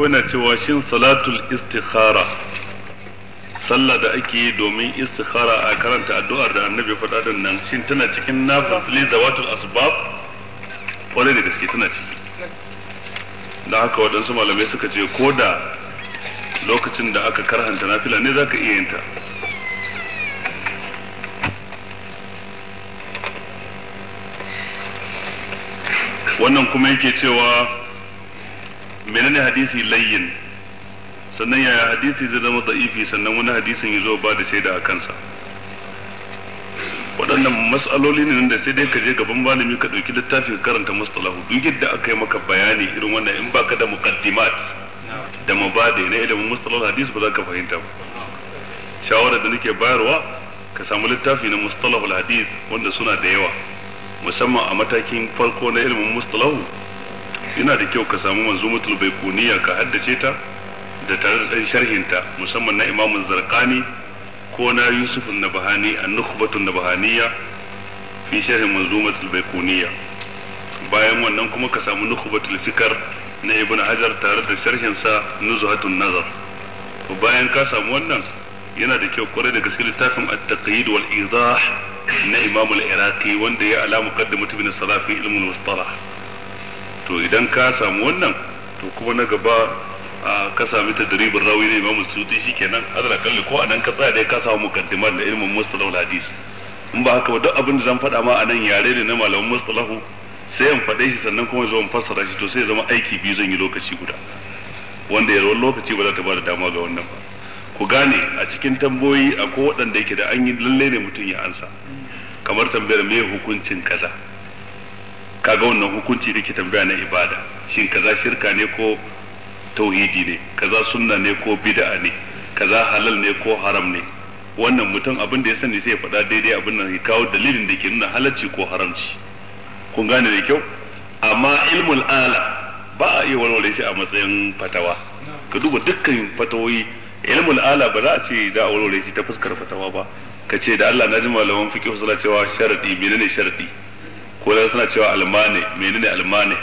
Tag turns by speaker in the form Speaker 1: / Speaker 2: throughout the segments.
Speaker 1: ko yana cewa shin salatul istikhara sallah da ake yi domin istikhara a karanta addu'ar da annabi faɗa din nan shin tana cikin da watul asbab kwarai da gaske tana ciki da haka waɗansu malamai suka ce ko da lokacin da aka karhanta nafila ne zaka iya yin ta wannan kuma yake cewa menene hadisi layyin sannan yaya hadisi zai zama da'ifi sannan wani hadisin ya zo ba da shaida a kansa waɗannan matsaloli ne da sai dai ka je gaban malami ka ɗauki littafi ka karanta mustalahu duk yadda aka yi maka bayani irin wannan in baka da muqaddimat da mabadi na ilimin mustalahul hadis ba za ka fahimta ba shawara da nake bayarwa ka samu littafi na mustalahul hadis wanda suna da yawa musamman a matakin farko na ilimin mustalahu yana da kyau ka samu manzumatul baikuniya ka haddace ta da tare da dan sharhinta musamman na imamun zarqani ko na yusuf nabahani an-nukhbatu nabahaniya fi sharh manzumatul baikuniya bayan wannan kuma ka samu nukhbatul fikar na ibn hajar tare da sharhin sa nuzhatun nazar to bayan ka samu wannan yana da kyau kwarai da gaske littafin at-taqyid wal idah na imam al-iraqi wanda ya alama muqaddimat ibn salafi ilmul mustalah to idan ka samu wannan to kuma na gaba a ka sami ta daribin rawi ne imamu suti kenan azra kalli ko anan ka tsaya dai ka samu mukaddimar da ilmin mustalahul hadis in ba haka ba duk abin da zan faɗa ma anan yare ne na malamin mustalahu sai in faɗe shi sannan kuma zo in fassara shi to sai zama aiki biyu zan yi lokaci guda wanda yarwar lokaci ba za ta da dama ga wannan ba ku gane a cikin tamboyi akwai waɗanda yake da an yi lalle ne mutum ya ansa kamar tambayar me hukuncin kaza kaga wannan hukunci da ke tambaya na ibada shin kaza shirka ne ko tauhidi ne kaza sunna ne ko bid'a ne kaza halal ne ko haram ne wannan mutum abin da ya sani sai ya faɗa daidai abin nan ya kawo dalilin da ke nuna halalci ko haramci kun gane da kyau amma ilmul ala ba a iya warware shi a matsayin fatawa ka duba dukkan fatawoyi ilmul ala ba za a ce za a warware shi ta fuskar fatawa ba ka ce da Allah na ji malaman fiqh wasallam cewa sharadi menene sharadi ko da suna cewa almani menene almani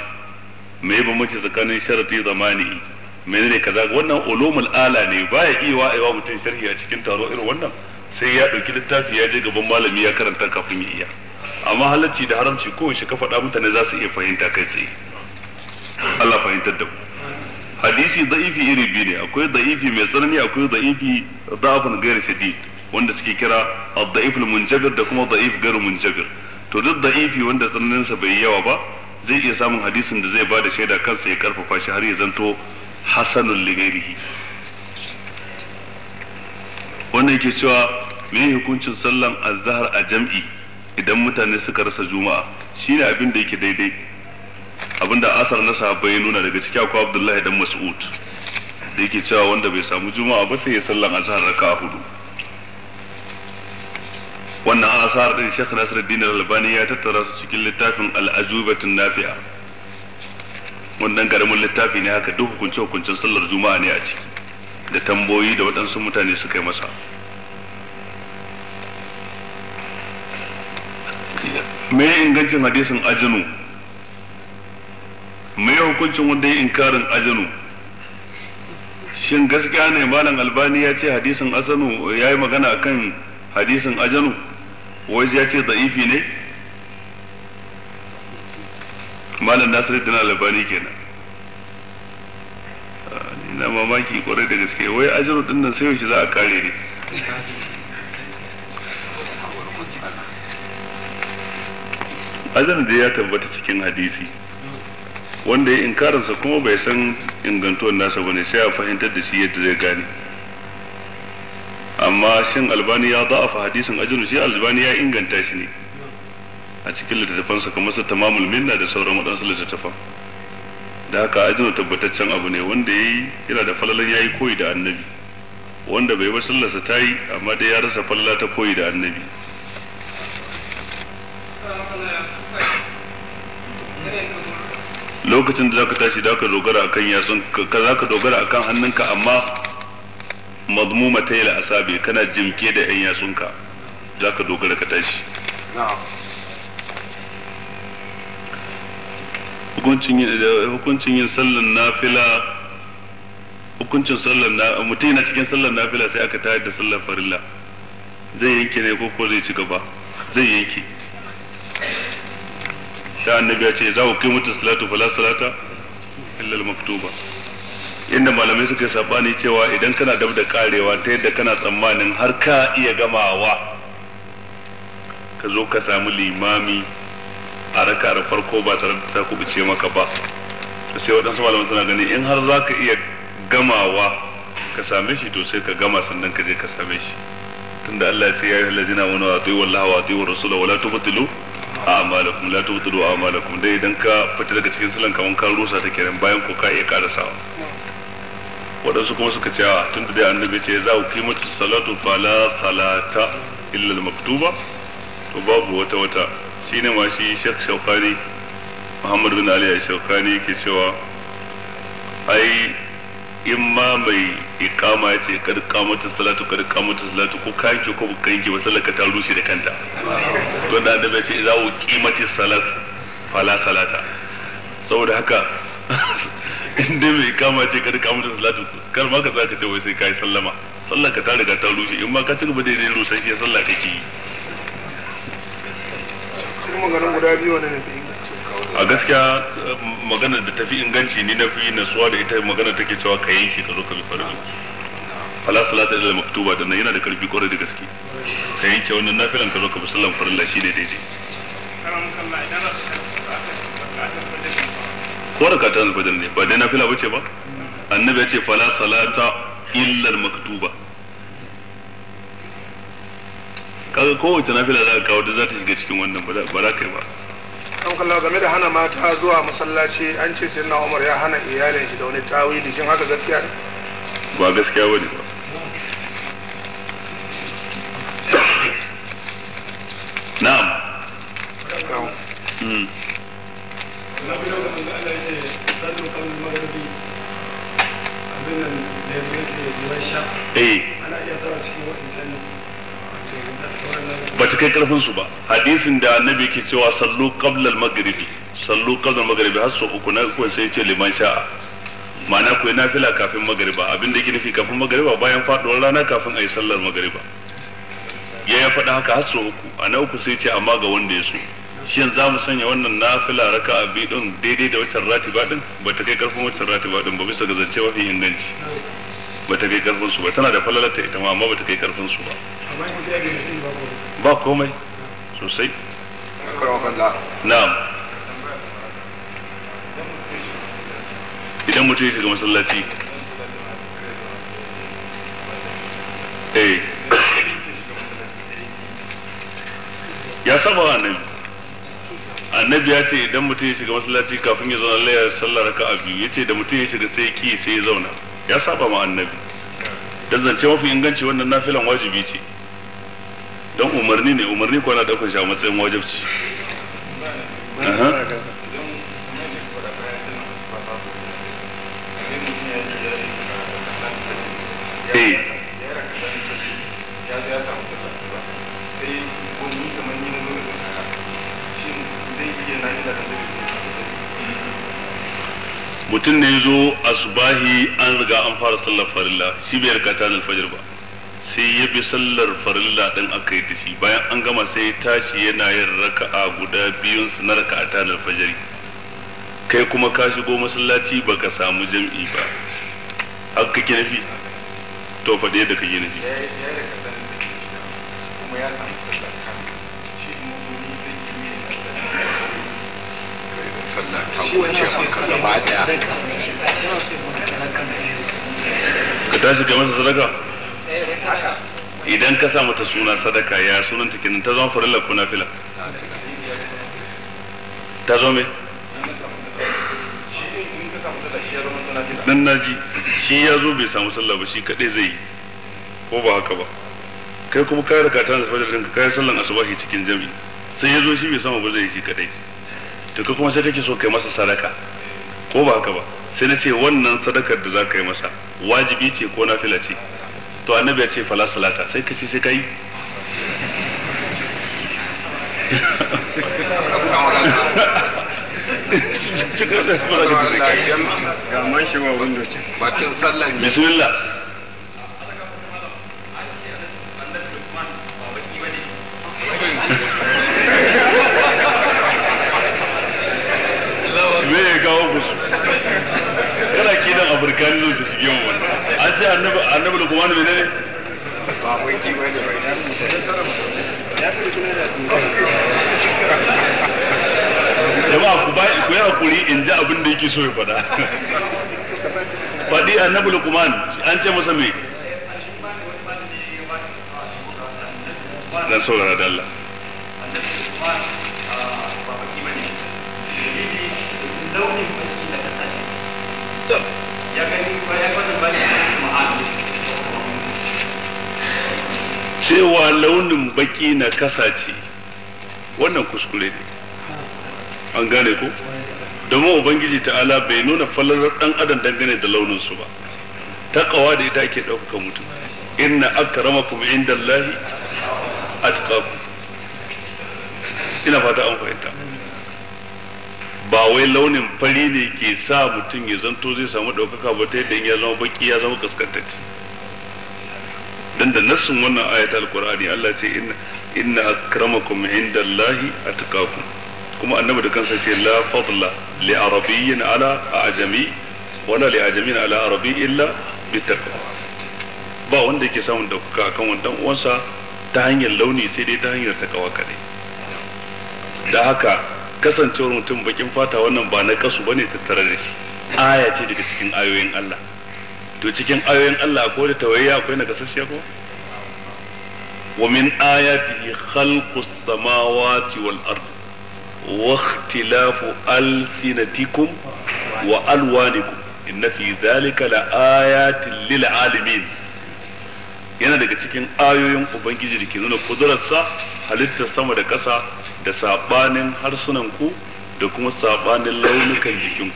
Speaker 1: me bambanci tsakanin sharati zamani menene kaza wannan ulumul ala ne baya iya wa'ayewa mutum sharhi a cikin taro irin wannan sai ya dauki littafi ya je gaban malami ya karanta kafin ya iya amma halacci da haramci ko shi ka faɗa mutane za su iya fahimta kai tsaye Allah fahimtar da hadisi da'ifi iri biyu ne akwai da'ifi mai tsanani akwai da'ifi da'afin gairu shadid wanda suke kira ad-da'if munjabir da kuma da'if gairu munjabir to duk da ifi wanda tsananinsa bai yi yawa ba zai iya samun hadisin da zai ba da shaida kansa ya karfafa shi har ya zanto hasanul ligairihi wannan yake cewa me hukuncin sallan azhar a jam'i idan mutane suka rasa juma'a shine abin da yake daidai abinda asar na sahabbai ya nuna daga cikin akwai abdullahi dan mas'ud da yake cewa wanda bai samu juma'a ba sai ya sallan azhar raka'a hudu wannan asar din Sheikh Nasiruddin Al-Albani ya tattara su cikin littafin al tun Nafi'a wannan garamin littafi ne haka duk hukunce hukuncin sallar juma'a ne a ciki da tamboyi da waɗansu mutane suka yi masa me ingancin hadisin ajinu me hukuncin wanda ya inkarin ajinu shin gaskiya ne malam albani ya ce hadisin asanu ya yi magana kan hadisin ajanu wai ya ce da'ifi ne malam ah, na labani kenan ina mamaki kwarai da gaske wai ajiru din nan sai za a kare ne ajirin da ya tabbata cikin hadisi wanda ya inkarinsa kuma bai san ingantuwan nasa bane sai a fahimtar da shi yadda zai gane amma shin albani ya fa hadisin ajinu shi albani ya inganta shi ne a cikin littattafansa kamar su tamamul minna da sauran waɗansu littattafan da haka ajinu tabbataccen abu ne wanda ya yi yana da falalan ya yi koyi da annabi wanda bai bar sallarsa ta yi amma dai ya rasa falala ta koyi da annabi lokacin da zaka tashi da ka dogara akan yatsun ka zaka dogara akan hannunka amma madmuma ta yi asabi kana jimke da yan yatsunka za ka dogara ka tashi hukuncin yin sallan nafila hukuncin sallan na mutum cikin sallan nafila sai aka tayar da sallan farilla zai yanke ne ko ko zai ci gaba zai yanke sai annabi ya ce za ku kai mutu salatu fala salata illa al-maktuba inda malamai suka yi sabani cewa idan kana dab da karewa ta yadda kana tsammanin har ka iya gamawa ka zo ka samu limami a raka farko ba tare da ta kubuce maka ba sai waɗansu malamai suna gani in har za ka iya gamawa ka same shi to sai ka gama sannan ka je ka same shi tunda Allah ya ce ya yi halazina wani wa tuyi wallaha wa tuyi wa rasula tubtilu a'malakum la tubtilu a'malakum dai idan ka fita daga cikin sallan kaman ka rusa ta kenan bayan ko ka iya karasawa waɗansu kuma suka ce a ah, tun da dai annabi ce za ku kimanta salatu fala salata illa maktuba to babu wata wata shine ma shi Sheikh Shawkani Muhammad bin Ali Shawkani yake cewa ai in ma mai ikama ya ce kada kamata salatu kada kamata salatu ko ka yanke ko ba ka yanke ba sallaka ta rushe da kanta don da annabi ce za ku kimanta salatu fala salata saboda haka inda mai kama ce ka rika mata salatu kar ma ka ka ce wai sai yi sallama sallar ka ta riga ta rushe in ma ka ci gaba da yin sallah ke yi a gaskiya maganar da tafi inganci ni na fi nasuwa da ita maganar take cewa ka yi shi ka zo ka bi farin fala salata illa maktuba da yana da karfi kwarai da gaske ka yanke wannan nafilan ka zo ka bi sallan farin lashi ne daidai ko rakatan alfajir ne ba dai nafila bace ba annabi ya ce fala salata illa maktuba kaga kowace nafila za ka kawo da za ta shiga cikin wannan ba za ka yi ba an kalla game da hana mata zuwa masallaci an ce sai na umar ya hana iyalin shi da wani tawili shin haka gaskiya ne ba gaskiya ba ne ba na'am hmm. ba ta kai karfin su ba hadisin da annabi ke cewa sallu qabla al-maghribi sallu qabla al-maghribi har sau uku na kuwa sai ce liman sha'a ma'ana ku fila kafin magriba abin da yake nufi kafin magriba bayan faduwar rana kafin ayi sallar magriba ya ya faɗa haka har sau uku a na uku sai ce amma ga wanda ya so yanzu za mu sanya wannan nafila raka a biyu daidai da waccan ba ɗin ba ta kai karfin waccan ba ɗin ba bisa ga zance mafi inganci ba ta kai karfin su ba tana da falalata ita ma amma ba ta kai karfin su ba ba komai sosai na'am idan mutum ya shiga masallaci eh. ya saba wa nan. annabi ya ce idan mutum ya shiga masallaci kafin ya zauna laya sallar a biyu ya ce da mutum ya shiga sai ki sai ya zauna ya saba ma annabi dan zance mafi inganci wannan nafilan wajibi ce dan umarni ne umarni ko na daukar shi a matsayin wajibci mutum ne ya zo subahi an riga an fara sallar farilla shi bai riga ta alfajir ba sai ya bi sallar farilla din aka yi da shi bayan an gama sai tashi yana yin raka'a guda biyun su na raka'a ta fajari kai kuma ka shigo masallaci baka samu jam'i ba haka kake nafi to faɗe da kake nafi kuma ya samu sallar sallah ta kunce maka gaba daya ka tashi ga masa sadaka eh, idan ka sa mata suna sadaka ya sunan ta kenan ta zama farilla ko nafila ta zo me dan naji shi ya zo bai samu sallah ba shi kadai zai yi ko ba haka ba kai kuma ka riga ta zafa da ka kai sallan asubahi cikin jami'i sai ya zo shi bai samu ba zai yi shi kadai to ka kuma sai kake so kai masa sadaka ko ba haka ba sai na ce wannan sadakar da za ka yi masa wajibi ce ko nafila ce to annabi ya ce fala salata sai ka ce sai ka yi bismillah yan wannan an ce annabi annabi lukman menene ba wai ji wai ku ba ku in ji abin da yake so ya faɗa faɗi annabi lukman an ce masa me dan saurara da Allah ah, launin ya gani wannan cewa launin baki na kasa ce wannan kuskure ne an gane ko domin ubangiji ta'ala bai nuna falalar dan adam dangane da launin su ba taqwa da ita ake ɗaukaka mutum inna akramakum indallahi atqakum ina fata an fahimta ba wai launin fari ne ke sa mutum ya zanto zai samu ɗaukaka ba ta yadda ya zama baki ya zama kaskantacce dan da nassin wannan ayatul alqur'ani Allah ce inna inna akramakum indallahi atqakum kuma annabi da kansa ce la fadla li arabiyyin ala ajami wala li ajamin ala arabi illa bi ba wanda yake samun ɗaukaka kan wannan uwansa ta hanyar launi sai dai ta hanyar takawa kadai da haka kasancewar mutum bakin fata wannan ba na kasu bane tattare da shi aya ce daga cikin ayoyin Allah to cikin ayoyin Allah akwai da tawayya akwai na kasashe ko wa min ayatihi khalqus samawati wal ard wa ikhtilafu alsinatikum wa alwanikum inna fi dhalika la ayatin lil alamin yana daga cikin ayoyin ubangiji da ke nuna kudurarsa halittar sama da ƙasa da saɓanin harsunan ku da kuma saɓanin launukan jikinku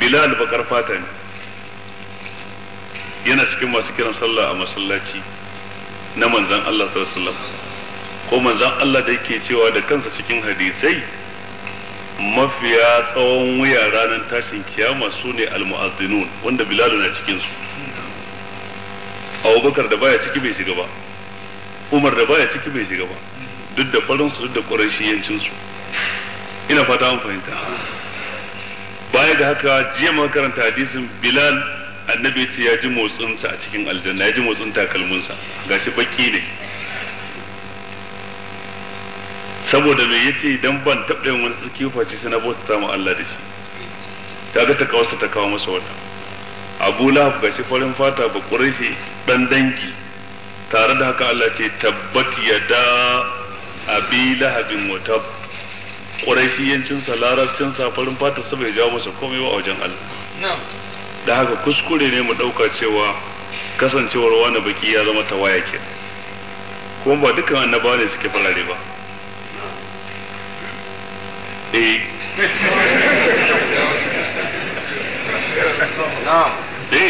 Speaker 1: bilal bakar fata ne yana cikin masu kiran sallah a masallaci na manzan Allah sallallahu ko manzan Allah da yake cewa da kansa cikin hadisai mafiya tsawon wuya ranar tashin kiyama su ne almu'azzinun wanda bilal na cikin su abubakar da baya ciki bai shiga ba umar da baya ciki bai shiga ba duk da farin su duk da ƙurashiyancin su ina fata an fahimta baya da haka jiya makaranta karanta hadisin bilal annabi ce ya ji motsinsa a cikin aljanna ya ji motsin takalminsa gashi baki ne saboda me yace idan ban taɓa yin wani tsarki face sai na bauta mu Allah da shi kaga ta kawarsa ta kawo masa wannan abu lahab ga shi farin fata ba ƙuraishi ɗan dangi tare da haka Allah ce tabbat ya da abi lahabin wa tab ƙuraishiyancinsa larabcinsa farin fata sa bai jawo masa komai ba a wajen Allah da haka kuskure ne mu ɗauka cewa kasancewar wani baki ya zama waya ke kuma ba dukkan annaba ne suke farare ba eh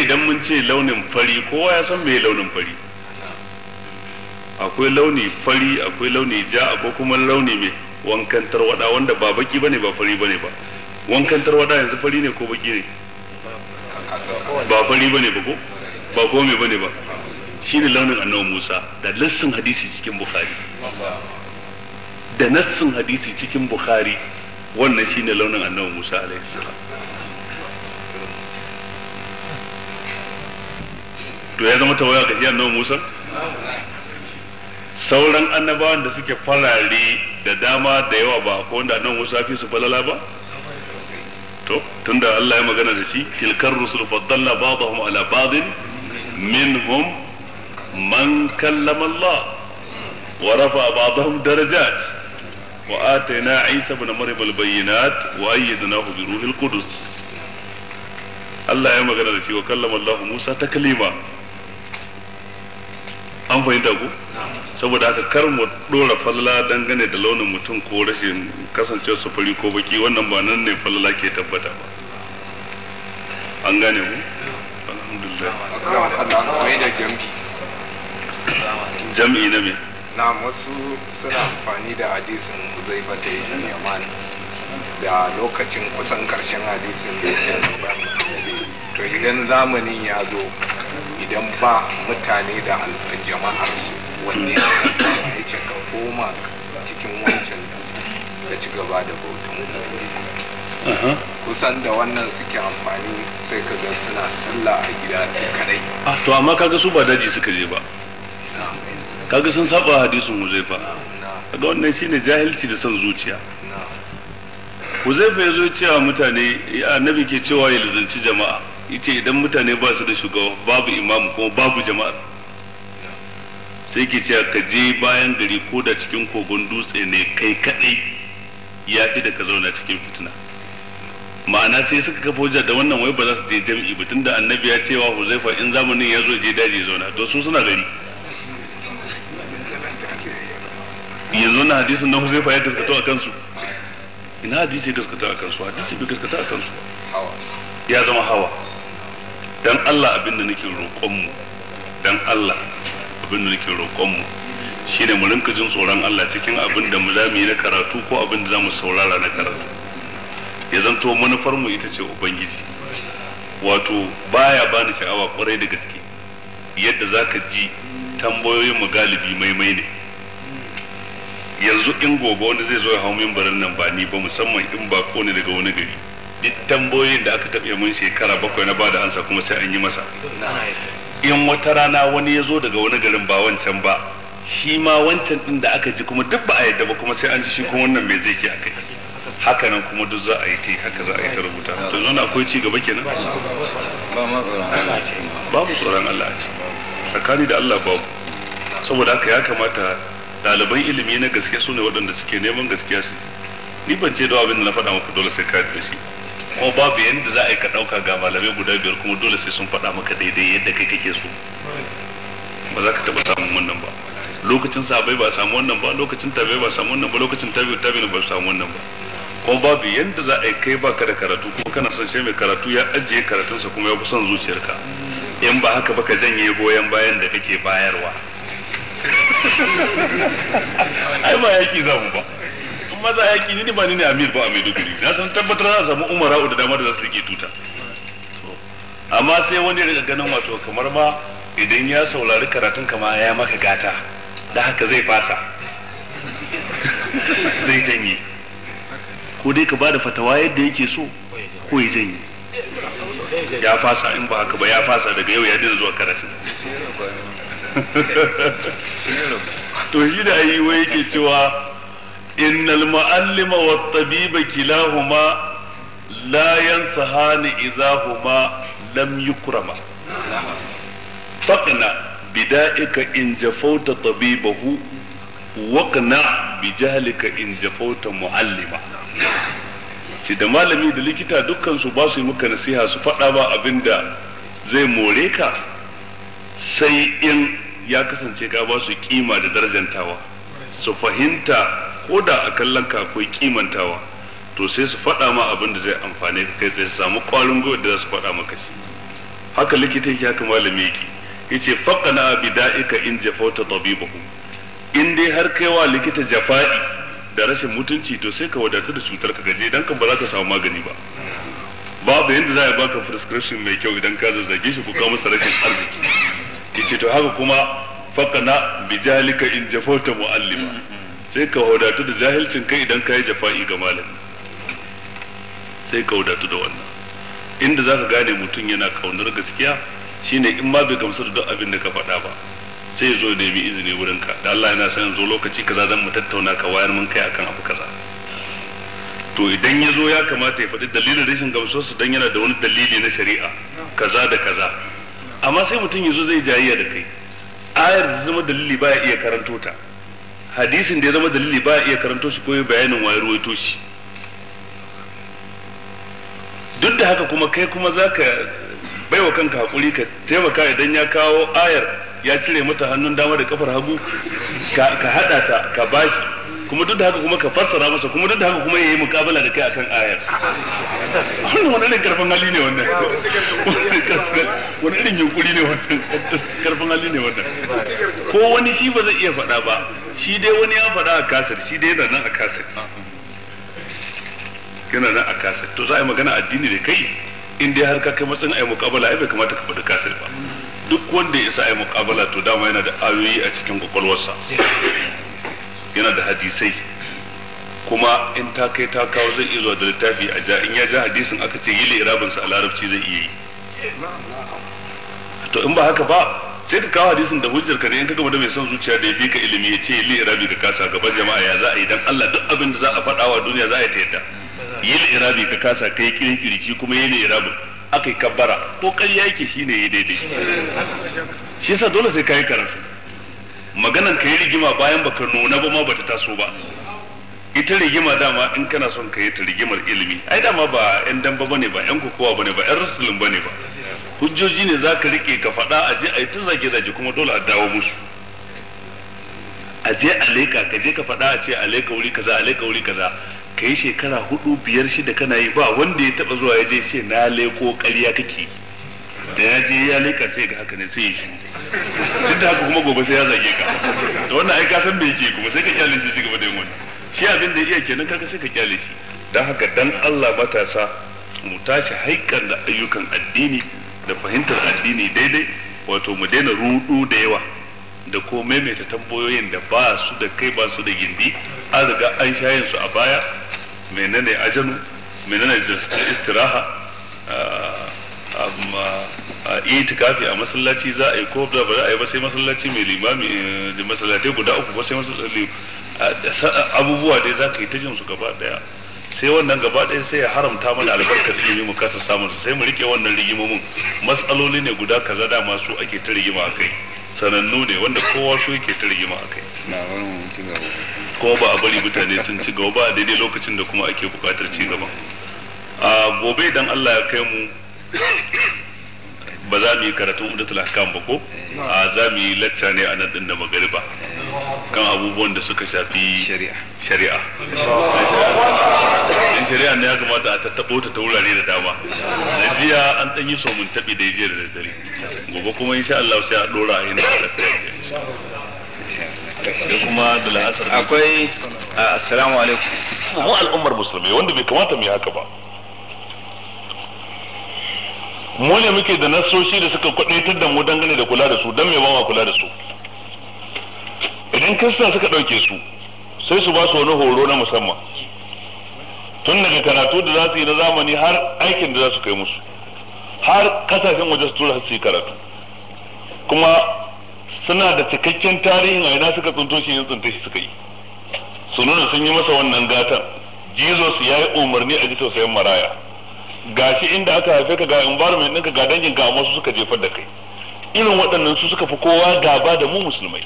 Speaker 1: idan mun ce launin fari kowa ya san me launin fari akwai launi fari akwai launi ja akwai kuma launi mai wankan tarwada wanda ba baki bane ba fari bane ba wankan tarwada yanzu fari ne ko baki ne ba fari bane ba ko ba ko me bane ba shine launin annabi Musa da lassin hadisi cikin Bukhari da nassin hadisi cikin Bukhari wannan shine launin annabi Musa alaihi salam to ya zama tawaya ga nawa Musa sauran annabawan da suke farare da dama da yawa ba ko wanda annabi Musa fi su falala ba to tunda Allah ya magana da shi tilkar rusul faddalla ba'dahum ala ba'din minhum man kallama Allah wa rafa ba'dahum darajat wa atayna Isa ibn Maryam al-bayyinat wa ayyadnahu bi ruhil qudus Allah ya magana da shi wa kallama Allah Musa taklima an fahimta ku saboda haka kar mu dora falala dangane da launin mutum ko rashin kasancewar sufuri ko baki wannan ba nan ne falala ke tabbata ba an gane ku alhamdulillah jam'i na me na wasu suna amfani da hadisin uzaifa ta yi yaman da lokacin kusan karshen hadisin to idan zamanin ya zo idan ba mutane da jama'arsu wanne ya ce ka koma cikin wancan dutse da ci gaba da bautan mutane kusan da wannan suke amfani sai ka ga suna sallah a gida kadai ah, to amma kaga su ba daji suka je ba kaga sun saba hadisin huzaifa kaga wannan shine jahilci da son zuciya huzaifa ya zo cewa mutane annabi ke cewa ya lizanci jama'a yace idan mutane ba su da shugaba babu imamu kuma babu jama'a sai ke cewa ka je bayan gari ko da cikin kogon dutse ne kai kadai ya fi da ka zauna cikin fitina ma'ana sai suka kafa hujja da wannan wai ba za su je jami'i ba tunda annabi ya cewa huzaifa in zamanin ya zo je daji zauna to su suna gari yanzu na hadisin na huzaifa ya gaskato a kansu ina hadisi ya gaskata a kansu hadisi bai gaskata a kansu ya zama hawa dan Allah abin da nake roƙon mu dan Allah abin da nake roƙon mu shine mu rinka jin tsoron Allah cikin abin da mu za yi na karatu ko abin da zamu saurara na karatu ya zanto manufar mu ita ce ubangiji wato baya bani sha'awa kwarai da gaske yadda zaka ji tambayoyin mu galibi mai ne yanzu in gobe wanda zai zo ya hau mimbarin nan ba ni ba musamman in ba ne daga wani gari duk tamboyin da aka taɓa mun shekara bakwai na bada ansa kuma sai an yi masa in wata rana wani ya zo daga wani garin ba wancan ba shi ma wancan din da aka ji kuma duk ba a yadda ba kuma sai an ji shi kuma wannan mai zai ce akai haka nan kuma duk za a yi ta haka za a yi ta rubuta to na akwai ci gaba kenan babu tsoron Allah a ciki tsakani da Allah babu saboda haka ya kamata ɗaliban ilimi na gaske su ne waɗanda suke neman gaskiya su ni ban ce da abin da na faɗa muku dole sai ka da shi ko babu yadda za a yi ka ɗauka ga malamai guda biyar kuma dole sai sun faɗa maka daidai yadda kai kake so ba za ka taɓa samun wannan ba lokacin sabai ba samu wannan ba lokacin tabi ba samu wannan ba lokacin tabi tabi ba samu wannan ba kuma babu yadda za a yi kai baka da karatu kuma kana son shi mai karatu ya ajiye karatunsa kuma ya fi son zuciyarka in ba haka ba ka janye goyon bayan da kake bayarwa ai ba yaki za mu ba maza yaki ni ba ni ne amir ba a Maiduguri na san tabbatar za a samu umara da dama da za su rike tuta amma sai wani ya ganin wato kamar ma idan ya saurari karatun kama ya maka gata da haka zai fasa zai janye ko dai ka bada fatawa yadda yake so ko ya janye ya fasa in ba haka ba ya fasa daga yau ya dina zuwa karatun to shi da ayi wai yake cewa innal mu'allima wat tabiba kilahuma la yansahani izahuma lam yukrama faqna bida'ika in jafauta tabibahu waqna bijahlika in jafauta mu'allima shi da malami da likita dukansu su ba su yi maka nasiha su faɗa ba abinda zai more ka sai in ya kasance ka ba su kima da darajantawa su fahimta ko da a kallon ka akwai kimantawa to sai su faɗa ma abin da zai amfane ka kai tsaye su samu ƙwarin gwiwa da za su faɗa maka shi haka likita yake haka malami yake yace faqana bi da'ika in jafauta tabibuhu in dai har kai wa likita jafa'i da rashin mutunci to sai ka wadatu da cutar ka gaje dan kan ba za ka samu magani ba babu yanda za a baka prescription mai kyau idan ka zazzage shi ko ka masa rashin arziki yace to haka kuma faqana bi jalika in jafauta mu'allima sai ka wadatu da jahilcin kai idan ka yi jafa'i ga malami sai ka wadatu da wannan inda za ka gane mutum yana kaunar gaskiya shine in ma bai gamsu da abin da ka faɗa ba sai zo da bi izini wurin ka da Allah yana son zo lokaci kaza zan mu tattauna ka wayar mun kai akan abu kaza to idan ya zo ya kamata ya faɗi dalilin rashin su dan yana da wani dalili na shari'a kaza da kaza amma sai mutum ya zo zai jayayya da kai ayar zama dalili baya iya karanto ta hadisin da ya zama dalili ba iya karanto shi ko bayanin waye ruwaito shi duk da haka kuma kai kuma za ka baiwa kanka hakuri ka taimaka idan ya kawo ayar ya cire mata hannun dama da kafar hagu ka hada ta ka bashi kuma duk da haka kuma ka fassara masa kuma duk da haka kuma yayi mukabala da kai akan ayar wannan wani irin karfin hali ne wannan wani irin yunkuri ne wannan karfin hali ne wannan ko wani shi ba zai iya faɗa ba shi dai wani ya faɗa a kasar shi dai yana nan a kasar yana nan a kasar to za a yi magana addini da kai in dai har ka kai matsayin ayi muqabala ai bai kamata ka faɗi kasar ba duk wanda ya isa ayi mukabala to dama yana da ayoyi a cikin kwakwalwarsa yana da hadisai kuma in ta kai ta kawo zai iya zuwa da littafi a ja in ya ja hadisin aka ce yi li'irabinsa a larabci zai iya yi to in ba haka ba sai ka kawo hadisin da hujjar ka ne in ka gaba da mai son zuciya da ya fi ka ilimi ya ce li irabi ka kasa gaba jama'a ya za a yi dan Allah duk abin da za a faɗa wa duniya za a yi ta yadda yi li irabi ka kasa kai kirici kuma yi li irabi aka yi kabbara ko ƙarya yake shine ya daidai shi yasa dole sai ka yi karatu maganan ka yi rigima bayan baka nuna ba ma bata taso ba ita rigima dama in kana son ka yi ta rigimar ilimi ai dama ba yan damba bane ba yan kokowa bane ba yan rasulun bane ba hujjoji ne zaka rike ka faɗa a je a yi ta zage zage kuma dole a dawo musu a je a leka ka je ka faɗa a ce a leka wuri kaza a leka wuri kaza ka yi shekara hudu biyar shida kana yi ba wanda ya taba zuwa ya je ce na leko ƙarya kake da ya je ya leka sai ga haka ne sai ya shi duk da haka kuma gobe sai ya zage ka da wannan ai ka san me yake kuma sai ka kyale shi gaba da yin wannan shi abin da iya kenan kaka sai ka kyale shi don haka dan Allah matasa mu tashi haikar da ayyukan addini da fahimtar addini daidai wato mu daina rudu da yawa da ko maimaita tambayoyin da ba su da kai ba su da gindi an riga an shayin su a baya menene ajanu menene istiraha ah, a ah, itikafi a masallaci za a yi ko ba za a yi ba sai masallaci mai limami eh, masallatai guda uku ko sai masallaci abubuwa dai za ka yi ta jin su gaba daya sai wannan gaba ɗaya sai ya haramta mana albarkar ilimi mu kasa samun su sai mu rike wannan rigimomin matsaloli ne guda kaza da masu ake ta rigima akai sanannu ne wanda kowa su yake ta rigima akai ko ba a bari mutane sun ci gaba ba a daidai lokacin da kuma ake buƙatar ci gaba a gobe idan Allah ya kai mu ba za mu yi karatun udatul ahkam ba ko eh. a za mu yi lacca ne a nan din da magariba kan abubuwan da suka shafi shari'a in shari'a ne ya kamata a tattabo ta wurare da dama na jiya an ɗan yi somin taɓi da jiya da daddare gobe kuma insha Allah sai a ɗora a yana da sai kuma da la'asar akwai assalamu alaikum mu al'ummar musulmi wanda bai kamata mu yi haka ba mu ne muke da nasoshi da suka kwadaitar da mu dangane da kula da su dan me ba ma kula da su idan suna suka ɗauke su sai su ba su wani horo na musamman tun daga karatu da za su yi na zamani har aikin da za su kai musu har kasashen waje su tura su yi karatu kuma suna da cikakken tarihin a ina suka tsinto shi yin tsinta shi suka yi su nuna sun yi masa wannan gatan jesus ya yi umarni a ji tausayin maraya gashi inda aka haife ka ga environment ɗinka ga dangin ga wasu suka jefar da kai irin waɗannan su suka fi kowa gaba da mu musulmai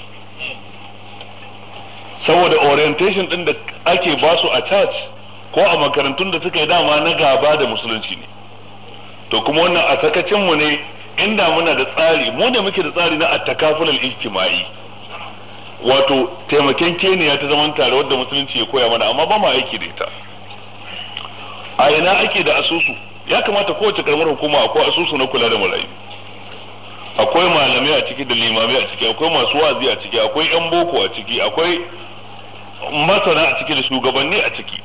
Speaker 1: saboda orientation din da ake ba su a church ko a makarantun da suka yi dama na gaba da musulunci ne to kuma wannan a sakacin mu ne inda muna da tsari mu ne muke da tsari na attakaful al-ijtimai wato taimaken keniya ta zaman tare wadda musulunci ya koya mana amma ba ma aiki da ita a ina ake da asusu ya kamata kowace karamar hukuma akwai asusu na kula da marayu akwai malamai a ciki da limamai a ciki akwai masu wazi a ciki akwai yan boko a ciki akwai masana a ciki da shugabanni a ciki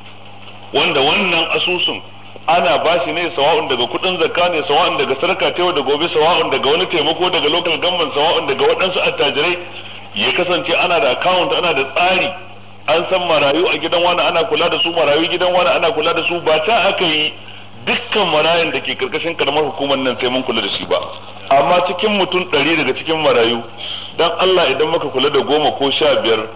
Speaker 1: wanda wannan asusun ana ba shi ne sawa'un daga kudin zakka ne sawa'un daga sarka ta da gobe sawa'un daga wani taimako daga local government sawa'un daga waɗansu attajirai ya kasance ana da account ana da tsari an san marayu a gidan wani ana kula da su marayu gidan wani ana kula da su ba ta aka yi dukkan marayun da ke karkashin karamar hukumar nan sai mun kula da shi ba amma cikin mutum ɗari daga cikin marayu dan Allah idan muka kula da goma ko sha biyar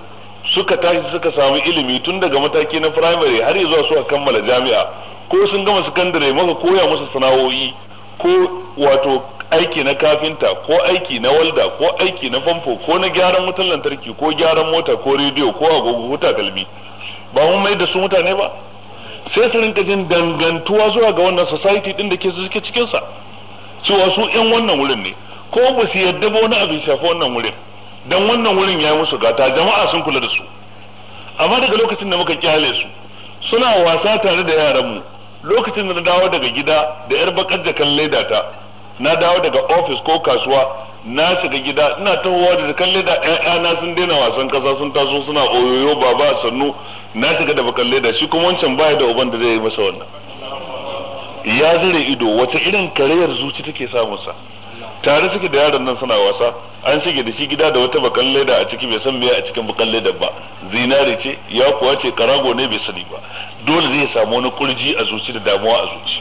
Speaker 1: suka tashi suka samu ilimi tun daga mataki na firamare har zuwa su suka kammala jami'a ko sun gama sakandare maka koya musu sana'o'i ko wato aiki na kafinta ko aiki na walda ko aiki na famfo ko na gyaran wutar lantarki ko gyaran mota ko rediyo ko agogo ko takalmi ba mun mai da su mutane ba sai su rinka jin dangantuwa zuwa ga wannan society din da ke suke cikin sa cewa su yan wannan wurin ne ko ba su yarda ba wani abin shafi wannan wurin dan wannan wurin ya yi musu gata jama'a sun kula da su amma daga lokacin da muka kyale su suna wasa tare da yaranmu lokacin da na dawo daga gida da yar bakar da kan leda ta na dawo daga ofis ko kasuwa na shiga gida ina tahowa da kan leda 'ya'yana sun daina wasan kasa sun taso suna oyoyo baba sannu na shiga da bakar leda shi kuma wancan baya da uban da zai yi masa wannan ya zure ido wata irin karayar zuci take samunsa sa tare suke da yaron nan suna wasa an shige da shi gida da wata bakan leda a ciki bai san me a cikin bakan leda ba zinare ce ya kuwa ce karago ne bai sani ba dole zai samu wani kurji a zuci da damuwa a zuci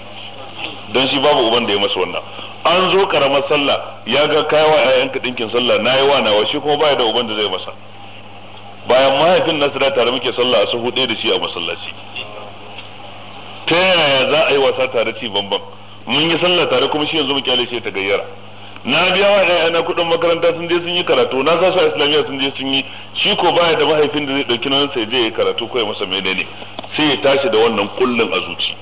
Speaker 1: don shi babu uban da ya masa wannan an zo karamar sallah ya ga kayawa ƴaƴanka dinkin sallah nayi wa nawa shi kuma baya da uban da zai masa bayan mahaifin nasu da tare muke sallah a sahu ɗaya da shi a masallaci ta yaya za a yi wasa tare ci bambam mun yi sallah tare kuma shi yanzu mu kyale shi ta gayyara na biya wa ƴaƴana kuɗin makaranta sun je sun yi karatu na sa su a islamiyya sun je sun yi shi ko baya da mahaifin da zai ɗauki nan sai je ya karatu ko ya masa mai ne sai ya tashi da wannan kullum a zuci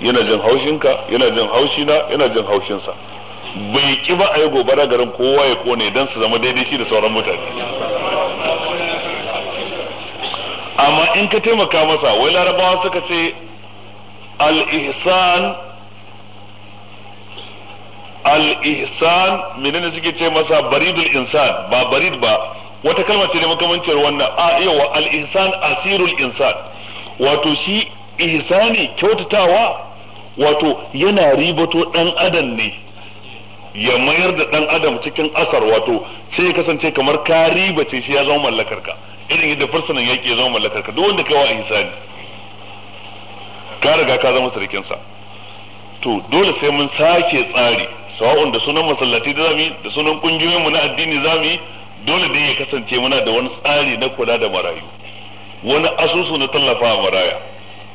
Speaker 1: yana jin haushinka yana jin haushina yana jin haushinsa bai ki ba a yi gobara garin kowa ya kone don su zama daidai shi da sauran mutane amma in ka taimaka masa wai larabawa suka ce al-ihsan al-ihsan menene suke ce masa baridul insan ba barid ba wata kalma ce ne makamancin wannan a yawa al-ihsan asirul insan wato shi ihsani kyautatawa wato yana ribato dan adam ne ya mayar da dan adam cikin asar wato sai ya kasance kamar ka ribace shi ya zama mallakar ka irin yadda fursunan yaƙi ya zama mallakar ka duk wanda kai wa ihsani ka riga ka zama sarkin sa to dole sai mun sake tsari sawa'un da sunan masallaci da zami da sunan kungiyoyin mu na addini zami dole dai ya kasance muna da wani tsari na kula da marayu wani asusu na tallafa maraya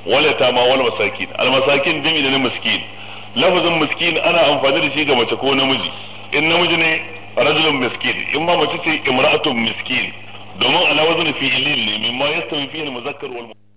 Speaker 1: wala ta ma wal masakin al masakin jami da miskin lafazin miskin ana amfani da shi ga mace ko namiji in namiji ne rajulun miskin in ma mace ce imra'atun miskin domin ala wazn fi'ilin ne mimma yastawi fi'il muzakkar wal